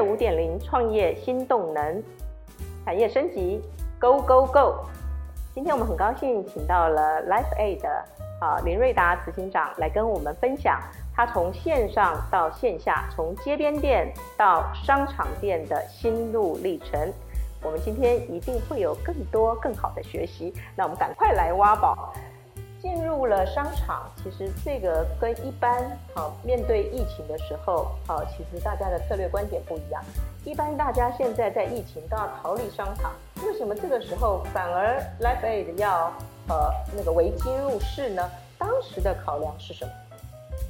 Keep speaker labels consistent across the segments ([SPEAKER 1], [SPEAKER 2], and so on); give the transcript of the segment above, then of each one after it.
[SPEAKER 1] 五點零創業新動能，產業升級，Go Go Go！今天我們很高興請到了 Life8 的啊、呃、林瑞達執行長來跟我們分享他從線上到線下，從街邊店到商場店的心路歷程。我們今天一定會有更多更好的學習，那我們趕快來挖寶！進入了商場，其實這個跟一般好、啊、面對疫情的時候，好、啊、其實大家的策略觀點不一樣。一般大家現在在疫情都要逃離商場，為什麼這個時候反而 Life8 要呃、啊、那個危機入市呢？當時的考量是什麼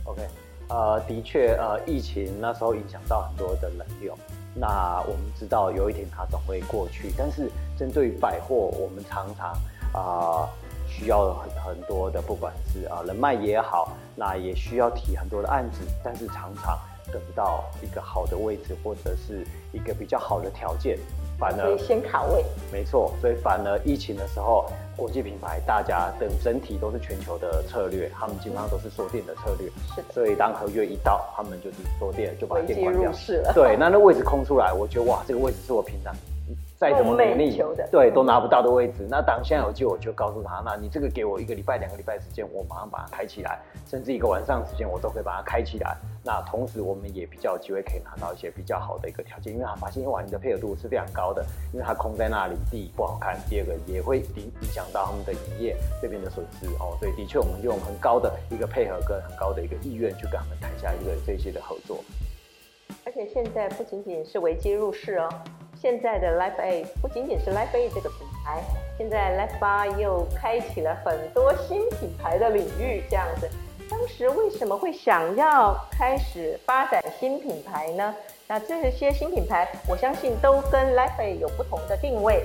[SPEAKER 2] ？OK，呃，的確，呃，疫情那時候影響到很多的人流。那我們知道有一天它總會過去，但是針對百貨，我們常常啊。呃需要很很多的，不管是啊人脈也好，那也需要提很多的案子，但是常常得不到一個好的位置或者是一個比較好的條件，反而可以先卡位，沒錯，所以反而疫情的時候，國際品牌大家等整體都是全球的策略，他們基本上都是縮店的策略，是、嗯，的，所以當合約一到，他們就是縮店就把店關掉了，對，那那位置空出來，我覺得哇，這個位置是我平常。再怎麼努力，對，都拿不到的位置。那當現在有機會，我就告訴他，那你這個給我一個禮拜、兩個禮拜時間，我馬上把它開起來，甚至一個晚上時間，我都可以把它開起來。那同時，我們也比較有機會可以拿到一些比較好的一個條件，因為他發現晚你的配合度是非常高的，因為他空在那裡，第一不好看，第二個也會影影響到他們的營業這邊的損失哦。所以的確，我們用很高的一個配合跟很高的一個意願去跟他們談下一個這些的合作。
[SPEAKER 1] 而且現在不僅僅是危機入市哦。現在的 Life8 不僅僅是 Life8 這個品牌，現在 Life8 又開啟了很多新品牌的領域，這樣子。當時為什麼會想要開始發展新品牌呢？那這些新品牌，我相信都跟 Life8 有不同的定位。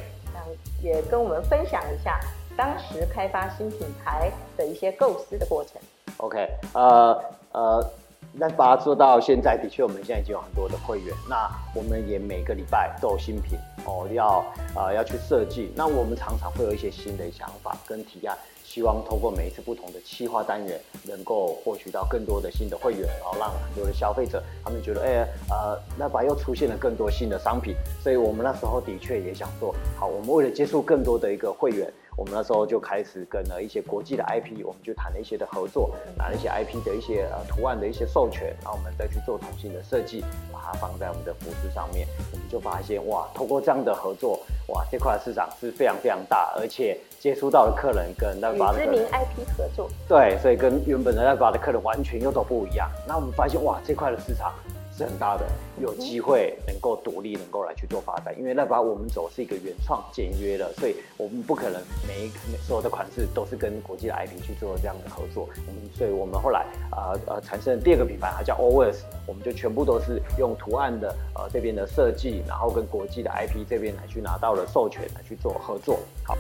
[SPEAKER 1] 也跟我們分享一下當時開發新品牌的一些構思的過程。
[SPEAKER 2] OK，呃、uh, 呃、uh。那把它做到現在，的確，我們現在已經有很多的會員。那我們也每個禮拜都有新品哦，要啊、呃、要去設計。那我們常常會有一些新的想法跟提案，希望通過每一次不同的企劃單元，能夠獲取到更多的新的會員，然、哦、後讓很多的消費者他們覺得，哎、欸，呃，那把又出現了更多新的商品。所以我們那時候的確也想做好，我們為了接觸更多的一個會員。我們那時候就開始跟了一些國際的 IP，我們就談了一些的合作，拿了一些 IP 的一些呃圖案的一些授權，然後我們再去做重新的設計，把它放在我們的服飾上面。我們就發現，哇，透過這樣的合作，哇，這塊市場是非常非常大，而且接觸到的客人跟那邊的知名
[SPEAKER 1] IP 合作。
[SPEAKER 2] 對，所以跟原本的那邊的客人完全又都不一樣。那我們發現，哇，這塊的市場。是很大的，有機會能夠獨立，能夠來去做發展。因為那把我們走是一個原創簡約的，所以我們不可能每一所有的款式都是跟國際的 IP 去做這樣的合作。我們，所以我們後來啊呃，呃產生第二個品牌，它叫 o w a r s，我們就全部都是用圖案的呃這邊的設計，然後跟國際的 IP 這邊來去拿到了授權來去做合作。好，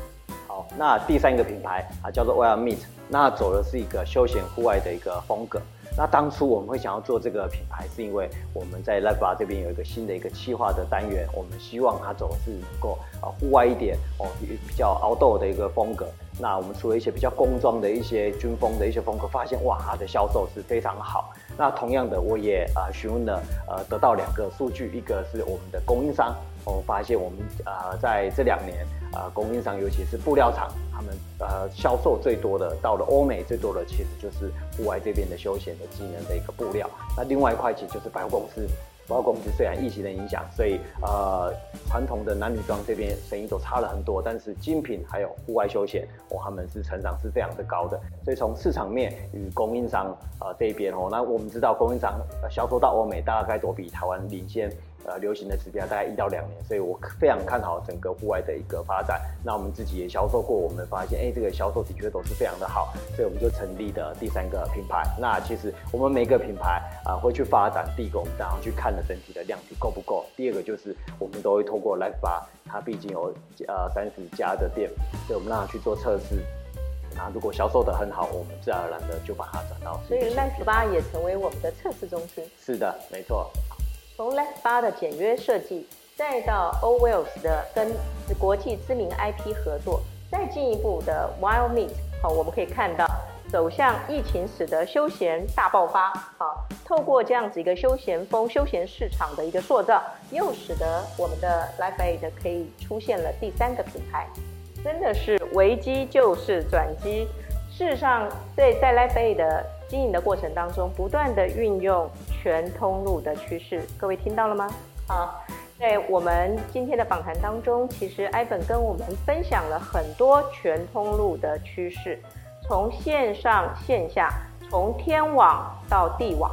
[SPEAKER 2] 好，那第三個品牌啊叫做 We l r Meet，那走的是一個休閒戶外的一個風格。那當初我們會想要做這個品牌，是因為我們在 Life8 這邊有一個新的一個企劃的單元，我們希望它總是能夠啊戶外一點哦，比比較 outdoor 的一個風格。那我們除了一些比較工裝的一些軍風的一些風格，發現哇它的銷售是非常好。那同樣的，我也啊詢問了呃得到兩個數據，一個是我們的供應商。我、哦、發現，我們啊、呃、在這兩年啊、呃，供應商尤其是布料廠，他們呃銷售最多的，到了歐美最多的，其實就是戶外這邊的休閒的機能的一個布料。那另外一塊其實就是百貨公司，百貨公司雖然疫情的影響，所以呃傳統的男女裝這邊生意都差了很多，但是精品還有戶外休閒，哦，他們是成長是非常的高的。所以從市場面與供應商啊、呃、這邊哦，那我們知道供應商、呃、銷售到歐美大概都比台灣領先。呃，流行的指標大概一到兩年，所以我非常看好整個戶外的一個發展。那我們自己也銷售過，我們發現，哎、欸，這個銷售的確都是非常的好，所以我們就成立了第三個品牌。那其實我們每個品牌啊、呃，會去發展，第一個我們想要去看的整體的量體夠不夠，第二個就是我們都會透過 Life8，它畢竟有呃三十家的店，所以我們讓它去做測試。那如果銷售的很好，我們自然而然的就把它轉到。所以
[SPEAKER 1] Life8 也成為我們的測試中心。
[SPEAKER 2] 是的，沒錯。
[SPEAKER 1] 從 Life8 的簡約設計，再到 Owells 的跟國際知名 IP 合作，再進一步的 Wild Meet，好，我們可以看到，走向疫情使得休閒大爆發。好，透過這樣子一個休閒風休閒市場的一個塑造，又使得我們的 Life8 可以出現了第三個品牌，真的是危機就是轉機。事實上，對在 Life8 的。經營的過程當中，不斷地運用全通路的趨勢，各位聽到了嗎？好，在我們今天的訪談當中，其實 Ivan 跟我們分享了很多全通路的趨勢，從線上線下，從天網到地網。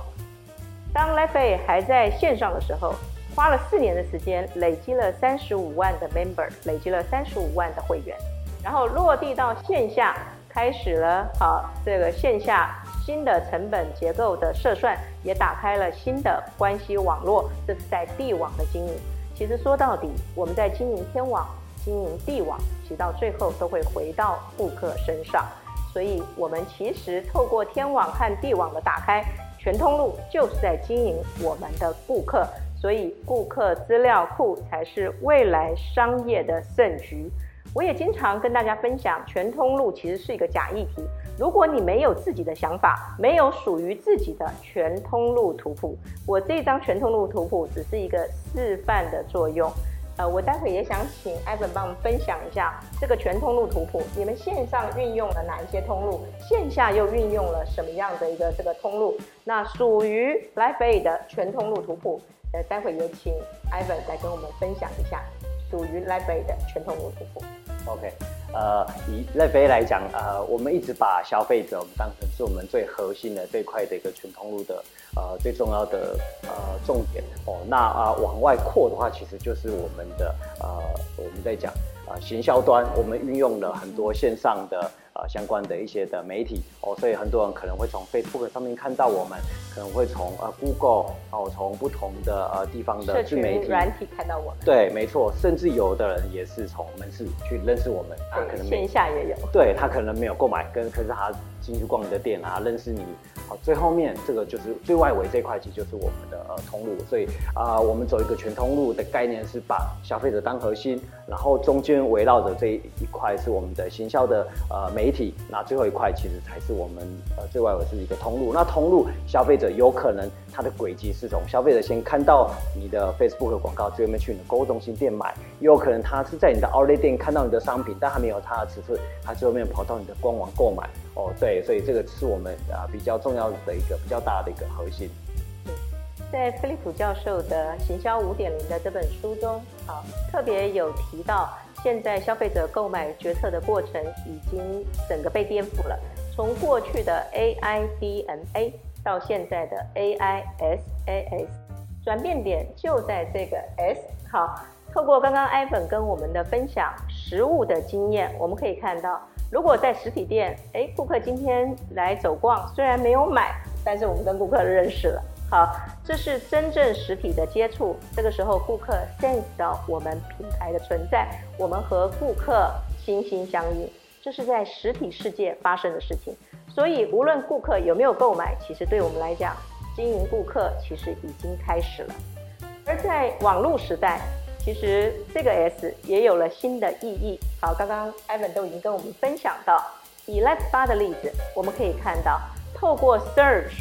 [SPEAKER 1] 當 Life 還在線上的時候，花了四年的時間，累積了三十五萬的 member，累積了三十五萬的會員，然後落地到線下，開始了，好，這個線下。新的成本結構的測算，也打開了新的關係網絡，這是在地網的經營。其實說到底，我們在經營天網、經營地網，其實到最後都會回到顧客身上。所以，我們其實透過天網和地網的打開，全通路就是在經營我們的顧客。所以，顧客資料庫才是未來商業的勝局。我也經常跟大家分享，全通路其實是一個假議題。如果你沒有自己的想法，沒有屬於自己的全通路圖譜，我這張全通路圖譜只是一個示範的作用。呃，我待會也想請 Evan 幫我們分享一下這個全通路圖譜，你們線上運用了哪一些通路，線下又運用了什麼樣的一個這個通路？那屬於 Life8 的全通路圖譜，呃，待會有請 Evan 來跟我們分享一下屬於 Life8 的全通路圖譜。
[SPEAKER 2] OK。呃，以 Life8 來講，呃，我們一直把消費者我們當成是我們最核心的、這塊的一個全通路的，呃，最重要的呃重點哦。那啊、呃，往外擴的話，其實就是我們的呃，我們在講啊、呃，行銷端，我們運用了很多線上的。呃，相關的一些的媒體哦，所以很多人可能會從 Facebook 上面看到我們，可能會從呃 Google 哦，從不同的呃地方的媒體、軟體看到我們。對，沒錯，甚至有的人也是從門市去認識我們，對可能沒有，
[SPEAKER 1] 線下也有。對他
[SPEAKER 2] 可能沒有購買，跟可是他。進去逛你的店啊，認識你。好，最後面這個就是最外圍這一塊，其實就是我們的呃通路。所以啊、呃，我們走一個全通路的概念，是把消費者當核心，然後中間圍繞着這一塊是我們的行銷的呃媒體，那最後一塊其實才是我們呃最外圍是一個通路。那通路消費者有可能他的軌跡是從消費者先看到你的 Facebook 廣告，最後面去你的購物中心店買。有可能他是在你的 outlet 店看到你的商品，但還沒有他的尺寸，他就沒有跑到你的官網購買。哦，對，所以這個是我們啊比較重要的一個比較大的一個核心。
[SPEAKER 1] 在菲利普教授的《行銷五點零》的這本書中，好，特別有提到，現在消費者購買決策的過程已經整個被顛覆了，從過去的 A I D M A 到現在的 A I S A S，轉變點就在這個 S。好。透過剛剛艾粉跟我們的分享，實物的經驗，我們可以看到，如果在實體店，誒、哎，顧客今天來走逛，雖然沒有買，但是我們跟顧客認識了。好，這是真正實體的接觸，這個時候顧客 s e n s e n 我們品牌的存在，我們和顧客心心相印，這是在實體世界發生的事情。所以，無論顧客有沒有購買，其實對我們來講，經營顧客其實已經開始了。而在網絡時代。其實這個 S 也有了新的意義。好，剛剛 Evan 都已經跟我們分享到，以 Life8 的例子，我們可以看到，透過 Search，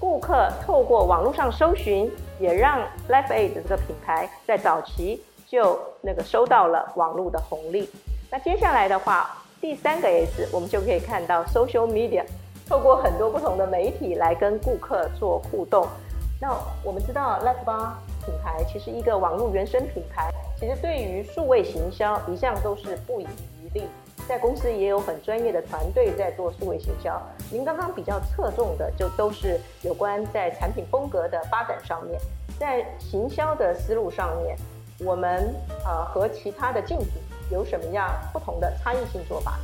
[SPEAKER 1] 顧客透過網絡上搜尋，也讓 Life8 這個品牌在早期就那個收到了網絡的紅利。那接下來的話，第三個 S，我們就可以看到 Social Media，透過很多不同的媒體來跟顧客做互動。那我們知道，Life8 品牌其實一個網絡原生品牌，其實對於數位行銷一向都是不遺餘力，在公司也有很專業的團隊在做數位行銷。您剛剛比較側重的，就都是有關在產品風格的發展上面，在行銷的思路上面，我們啊、呃、和其他的競品有什麼樣不同的差異性做法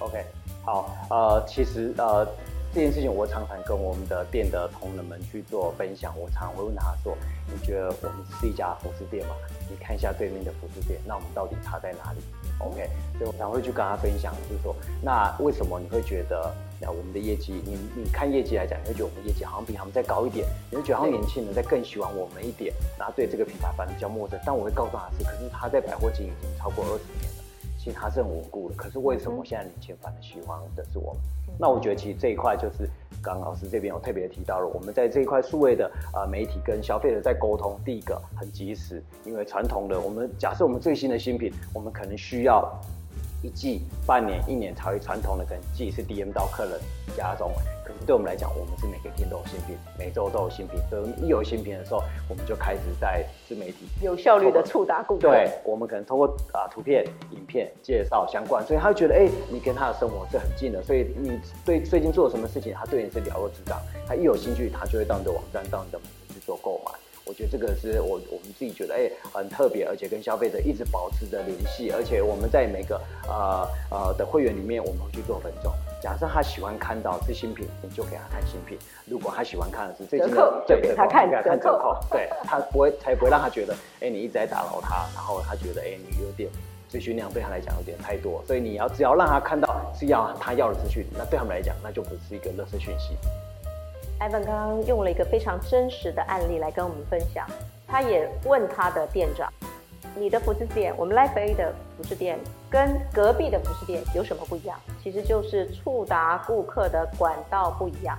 [SPEAKER 2] ？OK，好，呃，其實呃。這件事情我常常跟我們的店的同仁們去做分享，我常常會問他說：“你覺得我們是一家服飾店嘛？你看一下對面的服飾店，那我們到底差在哪裡？” OK，所以我常會去跟他分享，就是說，那為什麼你會覺得，那我們的業績，你你看業績來講，你會覺得我們業績好像比他們再高一點，你會覺得他們年輕人在更喜歡我們一點，他對這個品牌反而比較陌生。但我會告訴他是，可是他在百貨經營已經超過二十年。其實它是很穩固的，可是為什麼我現在年輕反而喜歡的是我們？嗯、哼那我覺得其實這一塊就是剛剛老師這邊有特別提到了，我們在這一塊數位的啊、呃、媒體跟消費者在溝通，第一個很及時，因為傳統的我們假設我們最新的新品，我們可能需要。一季半年一年，朝於傳統的跟寄是 DM 到客人家中。可是對我們來講，我們是每個天都有新品，每周都有新品。所以一有新品的時候，我們就開始在自媒體
[SPEAKER 1] 有效率的觸達顧客。對，
[SPEAKER 2] 我們可能通過啊圖片、影片介紹相關，所以他會覺得哎、欸，你跟他的生活是很近的。所以你對最近做了什麼事情，他對你是了如指掌。他一有興趣，他就會到你的網站，到你的門去做購買。我覺得這個是我我們自己覺得哎、欸、很特別，而且跟消費者一直保持着聯繫，而且我們在每個呃呃的會員裡面，我們會去做分眾。假設他喜歡看到是新品，你就給他看新品。如果他喜歡看的是最近的折扣，對，就給他看折扣。對他不會，才不會讓他覺得哎、欸、你一直在打擾他，然後他覺得哎、欸、你有點資訊量對他來講有點太多，所以你要只要讓他看到是要他要的資訊，那對他們來講那就不是一個垃圾訊息。
[SPEAKER 1] 艾文剛剛用了一個非常真實的案例來跟我們分享，他也問他的店長：“你的服飾店，我們 Life8 的服飾店跟隔壁的服飾店有什麼不一樣？”其實就是觸達顧客的管道不一樣，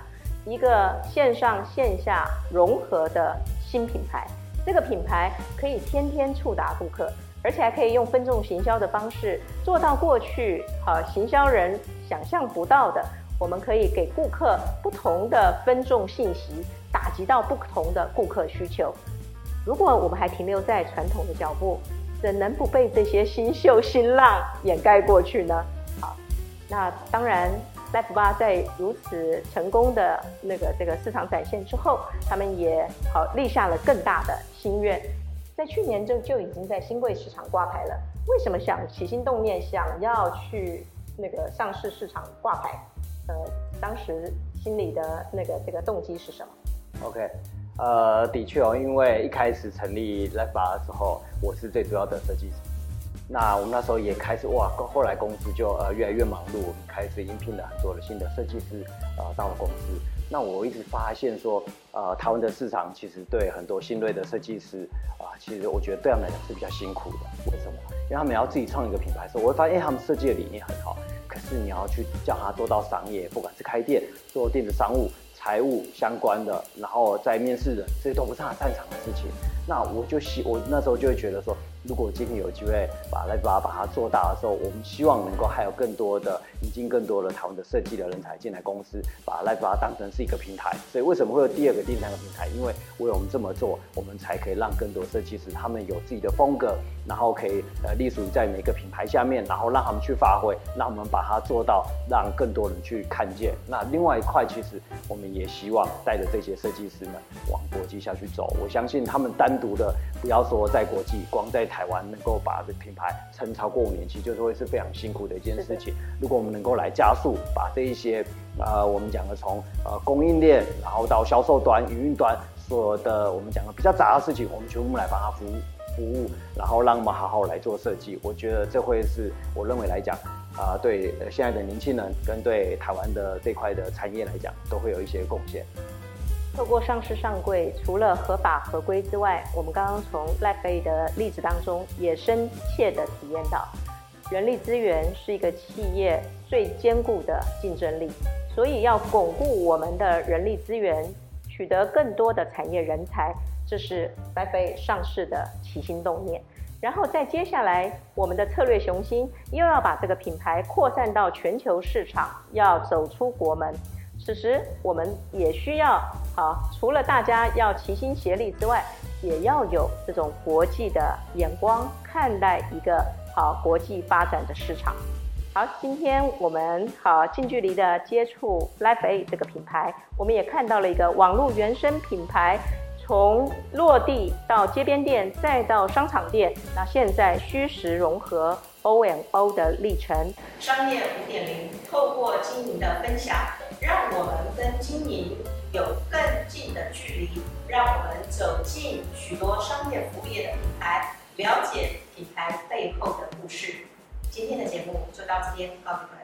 [SPEAKER 1] 一個線上線下融合的新品牌，這個品牌可以天天觸達顧客，而且還可以用分眾行銷的方式做到過去呃行銷人想象不到的。我們可以給顧客不同的分眾信息，打擊到不同的顧客需求。如果我們還停留在傳統的腳步，怎能不被這些新秀新浪掩蓋過去呢？好，那當然，Life8 在如此成功的那個這個市場展現之後，他們也好立下了更大的心願，在去年就就已經在興櫃市場掛牌了。為什麼想起心動念想要去那個上市市場掛牌？呃，當時心裡的那個這個動機是什
[SPEAKER 2] 麼？OK，呃，的確哦，因為一開始成立 Life8 的時候，我是最主要的設計師。那我們那時候也開始哇，後來公司就呃越來越忙碌，我們開始應聘了很多的新的設計師、呃、到了公司。那我一直發現說，呃，台灣的市場其實對很多新銳的設計師啊、呃，其實我覺得對他們來講是比較辛苦的。為什麼？因為他們要自己創一個品牌的時候，我會發現、欸、他們設計的理念很好。是你要去叫他做到商業，不管是開店、做電子商務、財務相關的，然後在面試的這些都不是他擅長的事情。那我就希我那時候就會覺得說，如果今天有機會把來把他把它做大的時候，我們希望能夠還有更多的。引進更多的台灣的設計的人才進來公司，把來把它當成是一個平台。所以為什麼會有第二個、第三個平台？因為為我們這麼做，我們才可以讓更多設計師他們有自己的風格，然後可以呃隸屬於在每個品牌下面，然後讓他們去發揮，讓我們把它做到讓更多人去看見。那另外一塊其實我們也希望帶着這些設計師們往國際下去走。我相信他們單獨的，不要說在國際，光在台灣能夠把這品牌撐超過五年期，就是會是非常辛苦的一件事情。的如果，我們。能夠來加速把這一些呃，我們講的從呃供應鏈，然後到銷售端、營運，運端，所有的我們講的比較雜的事情，我們全部來幫他服務服務，然後讓我們好好來做設計。我覺得這會是我認為來講啊、呃，對、呃、現在的年輕人跟對台灣的這塊的產業來講，都會有一些貢獻。
[SPEAKER 1] 透過上市上櫃，除了合法合規之外，我們剛剛從 Life8 的例子當中也深切地體驗到。人力資源是一個企業最堅固的競爭力，所以要鞏固我們的人力資源，取得更多的產業人才，這是百飛上市的起心動念。然後再接下來，我們的策略雄心又要把這個品牌擴散到全球市場，要走出國門。此時我們也需要，啊，除了大家要齊心協力之外，也要有這種國際的眼光看待一個。好，國際發展的市場。好，今天我們好近距離的接觸 Life8 這個品牌，我們也看到了一個網絡原生品牌，從落地到街邊店，再到商場店，那現在虛實融合 OMO 的歷程。商業五點零，透過經營的分享，讓我們跟經營有更近的距離，讓我們走進許多商業服務業的品牌，了解品牌背後的故事。今天的節目就到這邊，告一段落。